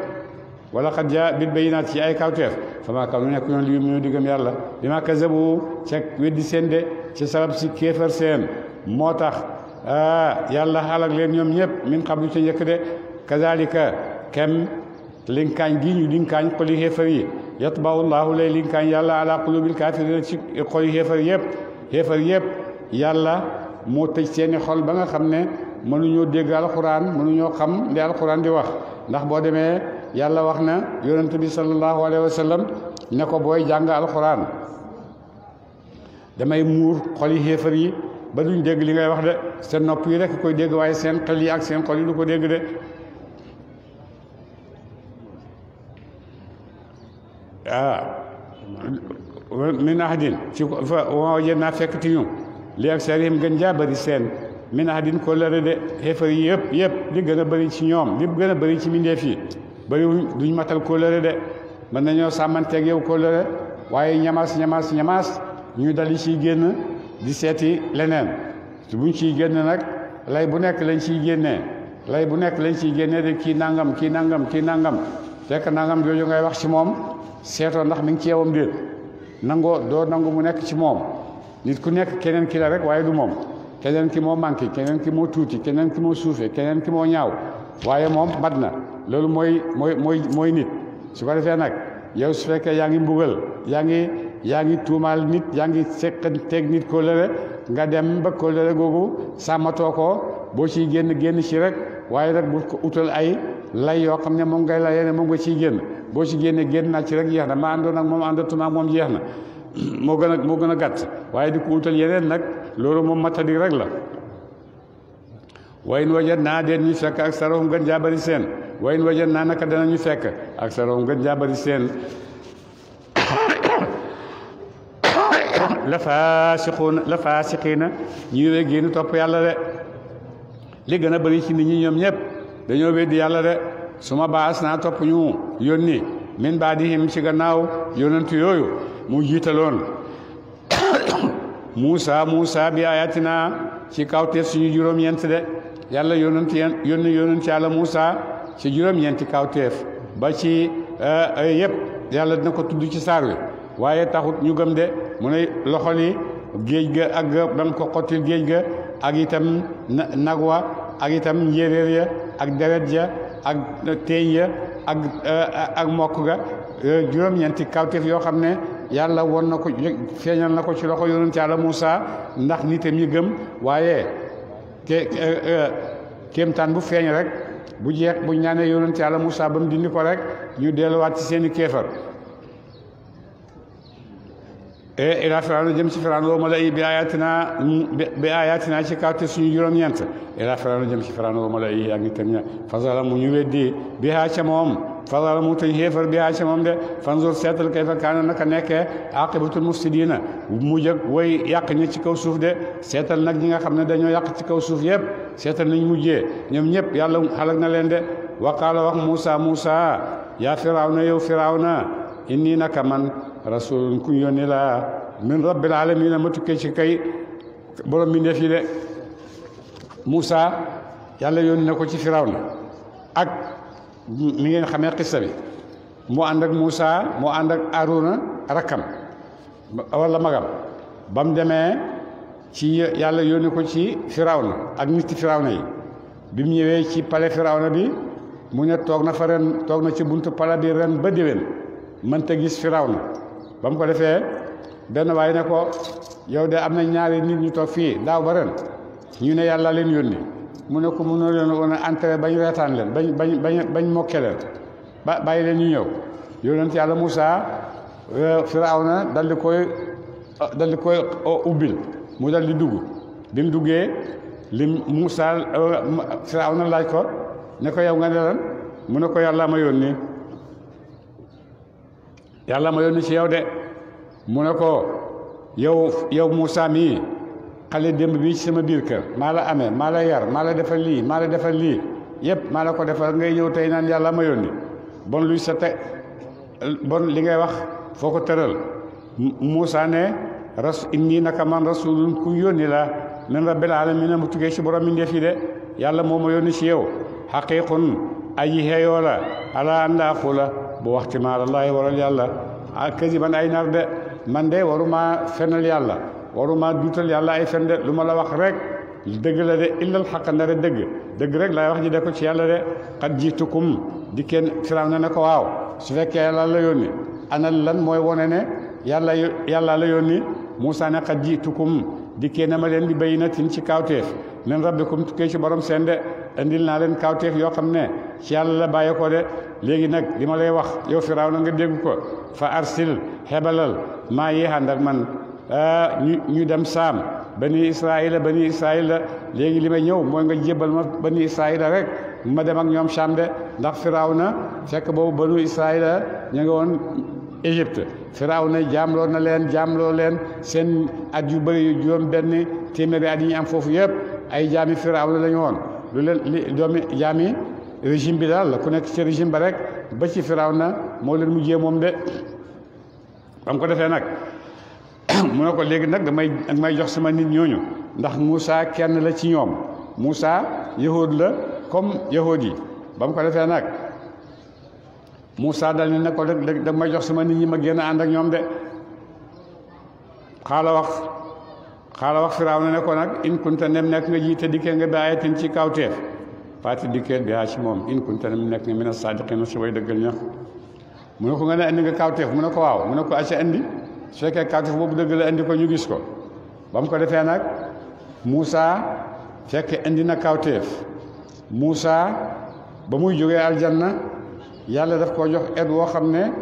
ولا قد جاء بالبينات في اي كوتيف فما كانوا يكونون ليؤمنوا ديغم يالا بما كذبوا تك ويدي سين دي سي سبب سي كيفر سين موتاخ اه يالا الاك لين نيوم نييب من قبل تي يك دي كذلك كم لينكان جي ني لينكان كولي هيفر يي يتبع الله لي لينكان يالا على قلوب الكافرين سي كولي هيفر ييب هيفر ييب يالا مو تيج سين خول باغا خامني mënuñoo dégg alxuraan mënuñoo xam li alxuraan di wax ndax boo demee yàlla wax na yonent bi sallallahu alayhi wa sallam ne ko booy jàng alxuraan damay muur xoli xéefar yi ba duñ dégg li ngay wax de seen nopp yi rekk koy dégg waaye seen xel yi ak seen xol yi du ko dégg de ah min ahadin ci fa wa wajadnaa fekk ti ñu li ak sarihim gën jaa seen min ahadin kóllëre de xéefar yi yëpp yëpp li gën a bëri ci ñoom li gën a bëri ci mbindeef yi bëriwuñ duñ matal kóllëre de mën nañoo sàmmanteeg yow kóllëre waaye ñamaas ñamaas ñamaas ñuy dal di ciy génn di seeti leneen buñ ci génn nag lay bu nekk lañ ciy génne lay bu nekk lañ ciy génne de kii nangam kii nangam kii nangam fekk nangam jooju ngay wax ci moom seetoo ndax mi ngi ci yewam déet nangoo doo nangu mu nekk ci moom nit ku nekk keneen ki la waaye du moom. keneen ki moo manqué keneen ki moo tuuti keneen ki moo suufee keneen ki moo ñaaw waaye moom mat na loolu mooy mooy mooy mooy nit su ko defee nag yow su fekkee yaa ngi mbugal yaa ngi yaa ngi tuumaal nit yaa ngi sekkanteeg nit kóllëre nga dem ba kóllëre googu sàmmatoo ko boo ciy génn génn ci rek waaye rek bu ko utal ay lay yoo xam ne moom ngay layee ne moom nga ci génn boo ci génne génn naa ci rek yeex na ma àndoon ak moom àndatuma ak moom jeex na mo gëna mo gëna gatt waye di ko utal yeneen nak loolu moom matadi rek la wayn wajan na deen ñu fekk ak saroom gën jaabari seen wayn wajan naa naka danañu fekk ak saroom gën jaabari seen la fasiqun la faasiqiina ñu wéggé génn top yalla dé li gëna bari ci nit ñi ñom dañoo wéddi yalla dé suma baas na top ñu min baadihim ci gannaaw yonentu yooyu mu jiitaloon muusaa Muusa bi ayatina ci kawteef suñu juróom-ñeent de yàlla yonentu yónni yonentu yàlla Muusa ci juróom-ñeenti kawteef ba ci eh, yëpp yàlla dina ko tudd ci saar wi waaye taxut ñu gëm de mu ne loxoli géej ga ak bam ko xottil géej ga ak itam nag wa ak itam njéeréer ya ak deret ya ak teeñ ya ak eh, ak mokk ga eh, juróom-ñeenti kawteef yoo xam ne yàlla won na ko feeñal na ko ci loxo yonent yàlla Moussa ndax nitam yi gëm waaye ke eh, kéemtaan bu feeñ rek bu jeex bu ñaanee yonent yàlla Moussa ba bam dindi ko rek ñu delluwaat ci seeni i ila firawna jëm ci firawna wa malai bi ayatina bi ayatina ci kawte suñu juróom ñent ila firawna jëm ci firawna wa malai ak nitam ña fasala mu ñu weddi bi ha ca moom fasala mu tañ xéefar bi ha ca moom de fanzur seetal kay fa kaana naka nekkee aqibatul mufsidina mu jëg way yàq ñi ci kaw suuf de seetal nag ñi nga xam ne dañoo yàq ci kaw suuf yépp seetal nañ mujjee ñoom ñëpp yàlla xalak na leen de waqaala wax Muusa Muusa yaa firawna yow firawna inni naka man rasulun ku yónni laa min rabbil alamin ma tukkee ci kay borom mi ndeef yi de Moussa yàlla yónni na ko ci na ak mi ngeen xamee xissa bi mu ànd ak Moussa mu ànd ak Aruna rakkam wala magam ba mu demee ci yàlla yónni ko ci na ak nit ci Firawna yi bi mu ñëwee ci pale Firawna bi mu ne toog na fa ren toog na ci buntu pale bi ren ba déwén mënta gis Firawna ba mu ko defee benn waay ne ko yow de am na ñaari nit ñu toog fii daaw ba ren ñu ne yàlla leen yónni mu ne ko mënoo leen woon a entré bañ reetaan leen bañ bañ bañ bañ mokke leen ba bàyyi leen ñu ñëw yonent yàlla Moussa euh, Firawna dal di koy dal di koy euh, ubbil mu dal di dugg bi mu duggee lim Moussa euh, na laaj ko ne ko yow nga ne lan mu ne ko yàlla ma yónni yàlla ma yónni ci yow de mu ne ko yow yow Moussa mii xale démb bii ci sama biir kër maa la amee maa la yar maa la defal lii maa la defal lii yëpp maa la ko defal ngay ñëw tey naan yàlla ma yónni bon luy sa te bon li ngay wax foo ko tëral Moussa ne ras inni naka man rasulun ku yónni la min rabbil mi mu tuggee ci borom mi ndeef yi de yàlla moo ma yónni ci yow xaqiqun أيه يولا على أن أقول بوقت ما على الله ولا أكذب أن أي نرد من ده ورما فن الله ورما دوت الله أي فن لما لا وخرج دق لا إلا الحق نر دق دق رج لا وخرج ده شيء يلا ده قد جيتكم ديكن فرعون نكواو سفك يلا لا يوني أنا لن موي ونني يلا يا لا يوني موسى نقد جيتكم dikkee na ma leen di bayinatin ci kawteef min rabbikum tukkee ci borom seen de indil naa leen ci yàlla la bàyyi ko de léegi nag li ma lay wax yow firaaw na nga dégg ko fa arsil xebalal maa yi ànd ak man ah, ñu ñu dem saam bani israila bani israila léegi li may ñëw mooy nga jébbal ma bani israila rek ma dem ak ñoom saam de ndax firaaw na fekk boobu banu israila ñu ngi woon Égypte firaaw na jaamloo na leen jaamloo leen seen at yu bëri yu juróom benn téeméeri at yi ñu am foofu yëpp ay jaami firaaw na la ñu woon lu leen doomi jaami régime bi dal ku nek ci régime ba rek ba ci Firawna mo leen mujjé mom de bam ko defé nak mu ne ko légui nak damay ak may jox sama nit ñooñu ndax Moussa kenn la ci ñoom Moussa yahoud la comme yahud yi ba ko defé nak Moussa dal ni nak damay jox sama nit ñi ma génn ànd ak ñoom de xala wax xala wax Firawna ne ko nak in kunta nem nek nga jité dikkee nga bayatin ci kawteef faati dikkeel bi yaa ci moom in kunta mu nekk nga mën a saadiqin si way dëggal ña mu ne ko nga ne andi nga kawteef mu ne ko waaw mu ne ko acca andi su fekkee kawteef boobu dëgg la ko ñu gis ko ba mu ko defee nag Moussa fekk indi na kawteef Moussa ba muy jógee na yàlla def koo jox ed woo xam ne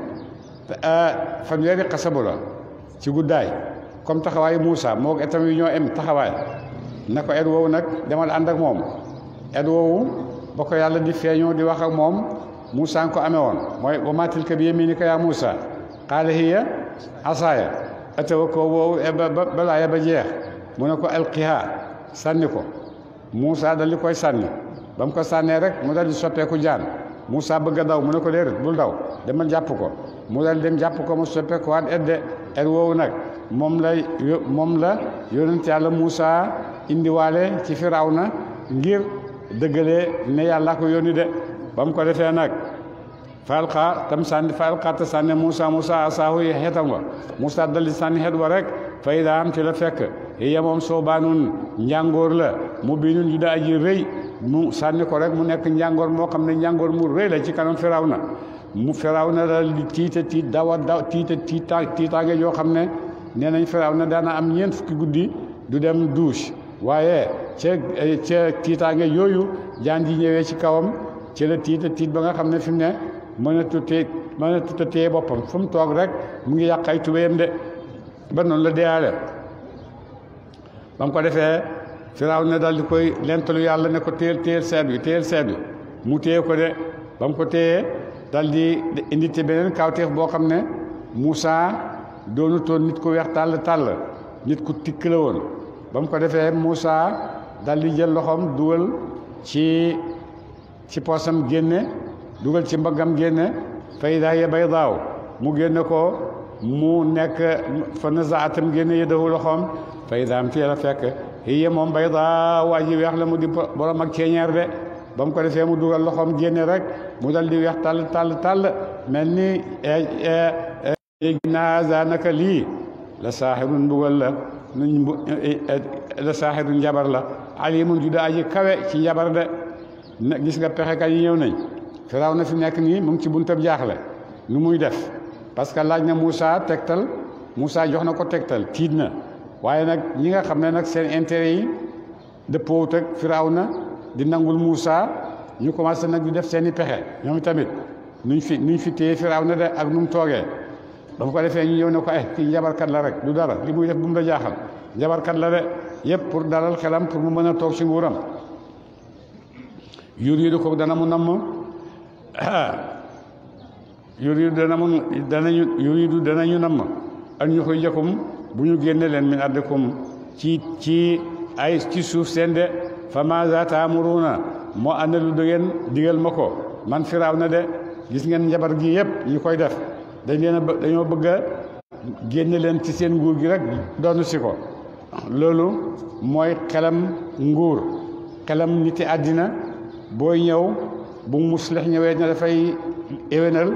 ah, fanweeri xasabu la ci guddaay comme taxawaayu Moussa moo ko itam yu ñoo em taxawaay na ko ed woowu nag demal ànd ak moom et woowu yàlla di feño di wax ak moom Moussa nga ko amee woon mooy wa maa tilka bi yamiinika yaa Moussa qaala hiya asaaya atawa ko woowu balaaya ba jeex mu ne ko alqiha sànni ko Moussa dal di koy sànni ba mu ko sànnee rek mu dal di soppeeku jaan Moussa bëgg daw mu ne bul daw demal jàpp ko mu dal dem jàpp ko mu soppeeku waat edde et woowu nag moom la moom la yonent yàlla Moussa indiwaale ci Firawna ngir dëggalee ne yàlla ko yónni de ba mu ko defee nag falqa tam sànni falqa te sànni Musa Musa asaahu yi xetam wa Moussa daldi sànni xet wa rek fay daa am ci la fekk hiya moom soobaanun njàngoor la mu biinun juda daa aji rëy mu sànni ko rek mu nekk njàngoor moo xam ne mu rëy la ci kanam firaw mu firaw na dal di tiita tiit dawa daw tita tiita tiitaange joo xam ne nee nañ firaw na daana am ñeent fukki guddi du dem douche waaye ca ca tiitaange yooyu jaan ji ci kawam ci la tiita tiit ba nga xam ne fi mu ne mën a tuté mën a boppam fu mu toog rek mu ngi yàq ay tubéyam de ba noonu la deyaale ba ko defee firaaw ne daal di koy lentalu yàlla ne ko téyel téyel seet bi téyel seet bi mu téye ko de ba ko téyee daal di indi te beneen kawteef boo xam ne Moussa doonu toon nit ku weex tàll tàll nit ku tikk woon bam ko defé Moussa dal li jël loxom duwel ci ci posam génne duwel ci mbagam génne fayda ya baydaw mu génne ko mu nek fa nazaatam génne yadahu loxoom fayda am fi la fek hiya mom bayda waji waa la mu di borom ak ceeñeer be bam ko defé mu duwel loxom génne rek mu dal di weex tal tal tal melni e e naa naka la sahibun bugal la nuñ eh, eh, eh, saaxiru njabar la alimun ju daa aji kawe ci njabar de gis nga pexekat yi ñëw nañ firaw na fi nekk nii mu ngi ci buntab jaaxle nu muy def parce que laaj na Moussa tegtal Moussa jox na ko tegtal tiit na waaye nag ñi nga xam ne nag seen intérêt yi dëppoowut ak firaw na di nangul Moussa ñu commencé nag di def seen i pexe ñoom tamit nuñ fi nuñ fi téye firaw na de ak nu mu toogee ba mu ko defee ñu yow ne ko ay eh, kii njabarkat la rek du dara li muy def bu mu la jaaxal njabarkat la de yëpp pour dalal xelam pour mu mën a toog ci nguuram yuriidu ko dana mu namm yuriidu dana mu danañu dana ñu namm ak ñu koy jëkkum bu ñu génne leen min ardikum ci ci ay ci suuf seen de fa ma za taamuruuna moo ànd lu du digal ma ko man firaaw na de gis ngeen njabar gii yëpp ñu koy def dañ leen a dañoo bëgg a génne leen ci seen nguur gi rek doonu si ko loolu mooy xelam nguur xelam niti àddina booy ñëw bu muslix ñëwee ne dafay éwénal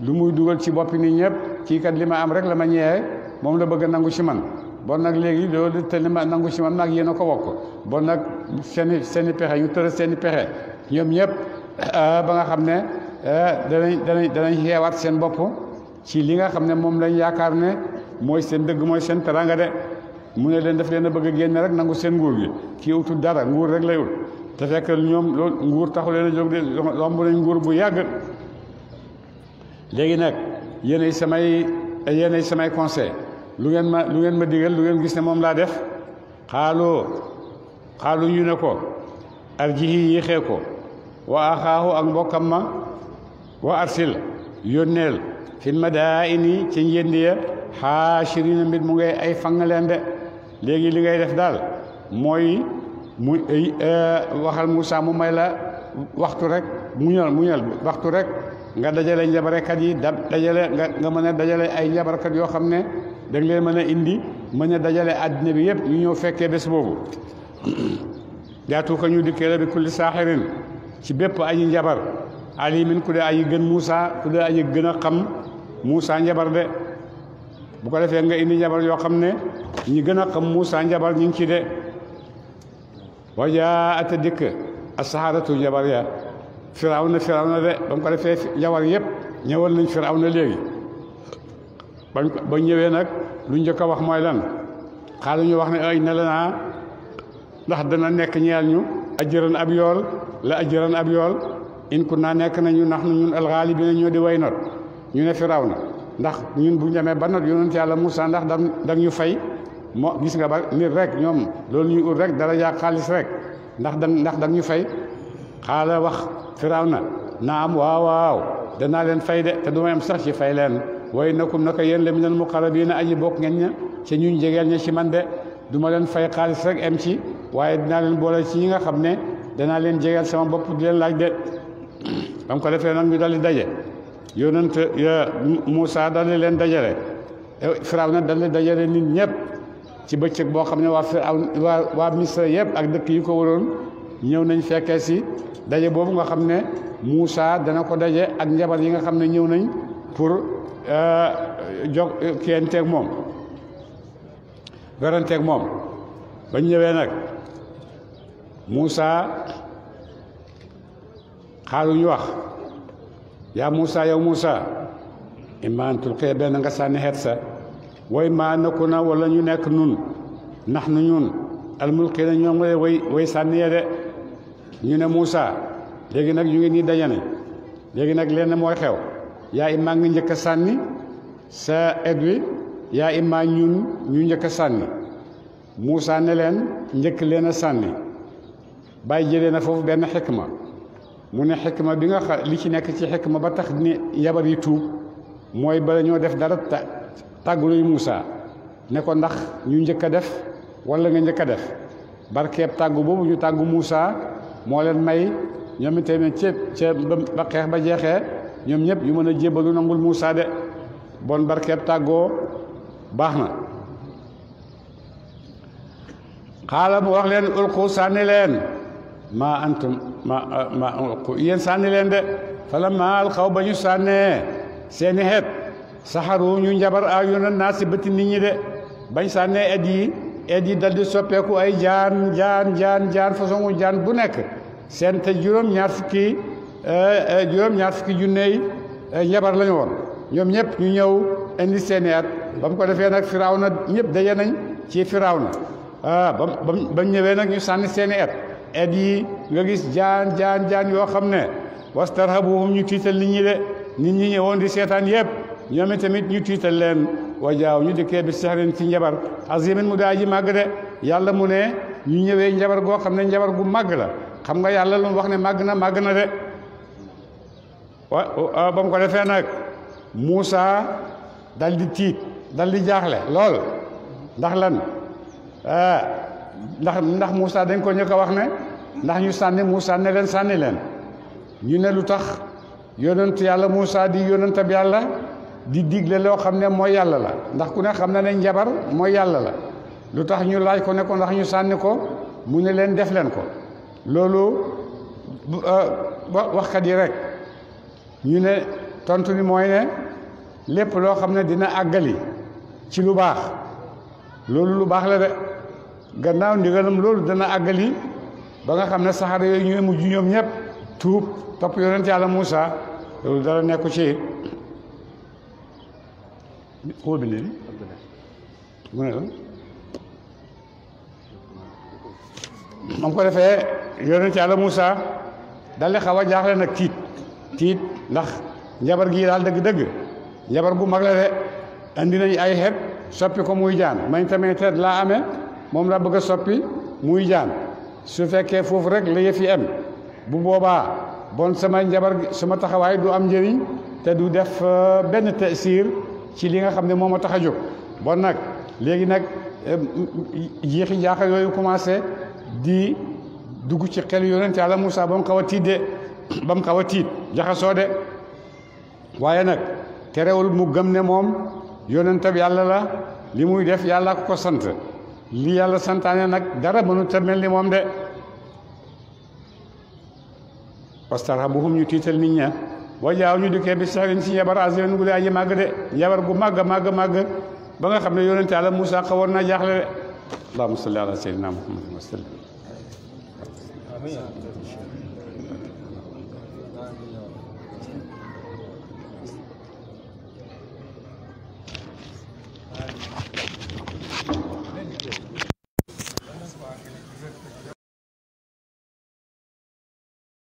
lu muy dugal ci boppi nii ñëpp kii kat li ma am rek la ma ñëwee moom la bëgg nangu si man bon nag léegi loolu te li ma nangu si man nag yéen a ko bokk bon nag seeni seeni pexe ñu tëral seeni pexe ñoom ñëpp ah, ba nga xam ne ah, danañ danañ danañ xeewaat seen bopp ci li nga xam ne moom lañ yaakaar ne mooy seen dëgg mooy seen teranga de mu ne leen def leen a bëgg a génne rek nangu seen nguur gi kii utul dara nguur rek lay ut te fekk ñoom loolu nguur taxu leen a jóg de romb nañ nguur bu yàgg léegi nag yéenay samay yéenay samay conseil lu ngeen ma lu ngeen ma digal lu ngeen gis ne moom laa def xaaloo xaalu ñu ne ko arjihi yéexee ko wa axaahu ak mbokkam ma wa arsil yónneel fil madaini ci yende ya hashirin mit mu ngay ay fangalen de legi li ngay def dal moy mu euh, waxal musa mu may la waxtu rek mu ñal waxtu rek nga dajale kat yi da dajale nga nga mën dajale ay njabar kat yo xamne da leen indi mën dajale àddina bi yeb ñu ñëw fekkee bés boobu jaatu ko ñu dikke la bi kulli sahirin ci bepp ay njabar ali min dee ay gën musa ay gëna xam muusaa Njabar de bu ko defee nga indi njabar yoo xam ne ñi gën a xam Moussa Njabar ñu ngi ci de wajaa ata dikk asaharatu njabar ya firaw na firaw na de ba mu ko defee njabar yëpp ñëwal nañ firaw na léegi bañ ba ñëwee nag lu njëkk a wax mooy lan xaala ñu wax ne ay na naa ndax dana nekk ñeel ñu ajëran ab yool la ajëran ab yool in kun naa nekk nañu ndax ñun alxaali bi na di way not ñu ne firaw na ndax ñun bu ñu ba not yonent yàlla Moussa ndax da nga ñu fay moo gis nga ba nit rek ñoom loolu ñu ut rek dara yaa xaalis rek ndax da ndax da ñu fay xaala wax firaw na naa am waaw waaw danaa leen fay de te du ma am sax ci fay leen way nakum naka yéen la minal muqarrabiina aji bokk ngeen ña ci ñun jegeel ña ci man de du ma leen fay xaalis rek em ci waaye dinaa leen boole ci ñi nga xam ne danaa leen jegeel sama bopp di leen laaj ko defee nag ñu dal di daje yonent ya Moussa dana leen dajale e, na dana dajale nit ñëpp ci bëccëg boo xam ne waa Firawna waa waa Misra yëpp ak dëkk yu ko waroon ñëw nañ fekkee si daje boobu nga xam ne Moussa dana ko daje ak njabar yi nga xam ne ñëw nañ pour e, jog kiyanteeg moom weranteeg moom bañ ñëwee nag Moussa xaaruñu wax yaa Muusa yow Muusa imma an tulqiya benn nga sànni xeet sa way maa nëkku na wala ñu nekk nun nax nu ñun almulqina ñoom nga way way sànni ya de ñu ne Muusa léegi nag ñu ngi nii dajane léegi nag lenn mooy xew yaa imma nga njëkk a sànni sa et wi yaa imma ñun ñu njëkk a sànni Muusa ne leen njëkk leen a sànni bàyyi jëlee na foofu benn xikma mu ne xikma bi nga xal li ci nek ci hikma ba tax ni yabar yi tuub moy ba lañu def dara ta musa ne ko ndax ñu ñëk def wala nga ñëk def barkeeb tàggu boobu ñu tàggu musa mo leen may ñom itamit ci ci ba xex ba jexé ñom ñep yu mëna jébalu nangul musa de bon barkeeb tàggoo baxna na xaala wax leen ulqusan leen maa antum ma ma yéen sànni leen de fala maal xaw ba ñu sànnee seeni xeet saxaru ñu njabar a yoona naa si bëti nit ñi de bañ sànnee ed yi ed yi daldi soppeeku ay jaan jaan jaan jaan façon jaan bu nekk seen te juróom ñaar fukki eh, eh, juróom ñaar eh, njabar lañu woon ñoom ñëpp ñu ñëw indi seeni at ba ko defee nag na ñëpp daje nañ ci Firawna ah, ba mu ñëwee nag ñu sànni seeni at et nga gis jaan jaan jaan yoo xam ne wastarhabuhum ñu tiital nit ñi de nit ñi ñëwoon di seetaan yëpp ñoom itamit ñu tiital leen wa wajaaw ñu dikkee bi sixrin ci njabar azimin mu daa ji màgg de yàlla mu ne ñu ñëwee njabar goo xam ne njabar gu màgg la xam nga yàlla lu mu wax ne màgg na màgg na de wa ba mu ko defee nag Muusa dal di tiit dal jaaxle lool ndax lan ah, ndax ndax Moussa dañ ko ñu ko wax ne ndax ñu sànni Moussa ne leen sànni leen ñu ne lu tax yonent yàlla muusaa di yonentab yàlla di digle loo xam ne mooy yàlla la ndax ku ne xam na ne njabar mooy yàlla la lu tax ñu laaj ko ne ko ndax ñu sànni ko mu ne leen def leen ko loolu euh, waxkat yi rek ñu ne tontu bi mooy ne lépp loo xam ne dina àggali ci lu baax loolu lu baax la de gannaaw ndigalam loolu dana agali ba nga xamne sahara yoy ñoy ñooy mujj ñoom ñëpp tuub topp yonent yàlla Moussa loolu dara neeku ci ko bi ne mu ne la moom ko defé yonent yàlla musa dal li xawa a jaaxle nag tiit tiit ndax njabar gi dal deug deug njabar bu mag la de andi nañ ay xeet soppi ko muy jaan may tamé tet la amé moom laa bëgg soppi muy jaan su fekkee foofu rek la yëf yi am bu boobaa bon sama njabar sama taxawaay du am njëriñ te du def euh, benn tasiir ci li nga xam ne moo ma tax a jóg bon nag léegi nag euh, yéexi jaaxa yooyu commencé di dugg ci xel yonent yàlla Moussa ba mu xaw a tiit de ba mu xaw a tiit jaxasoo de waaye nag terewul mu gëm ne moom yonentab yàlla la li muy def yàlla ko ko sant li yàlla santaane nag dara mënu mel ni moom de wastarhabuhum ñu tiital nit ña wajaaw ñu dikkee bi sexrin si yabar azimin gu aji màgg de yabar gu màgg màgg màgg ba nga xam ne yonent yàlla Moussa xawoon naa jaaxle de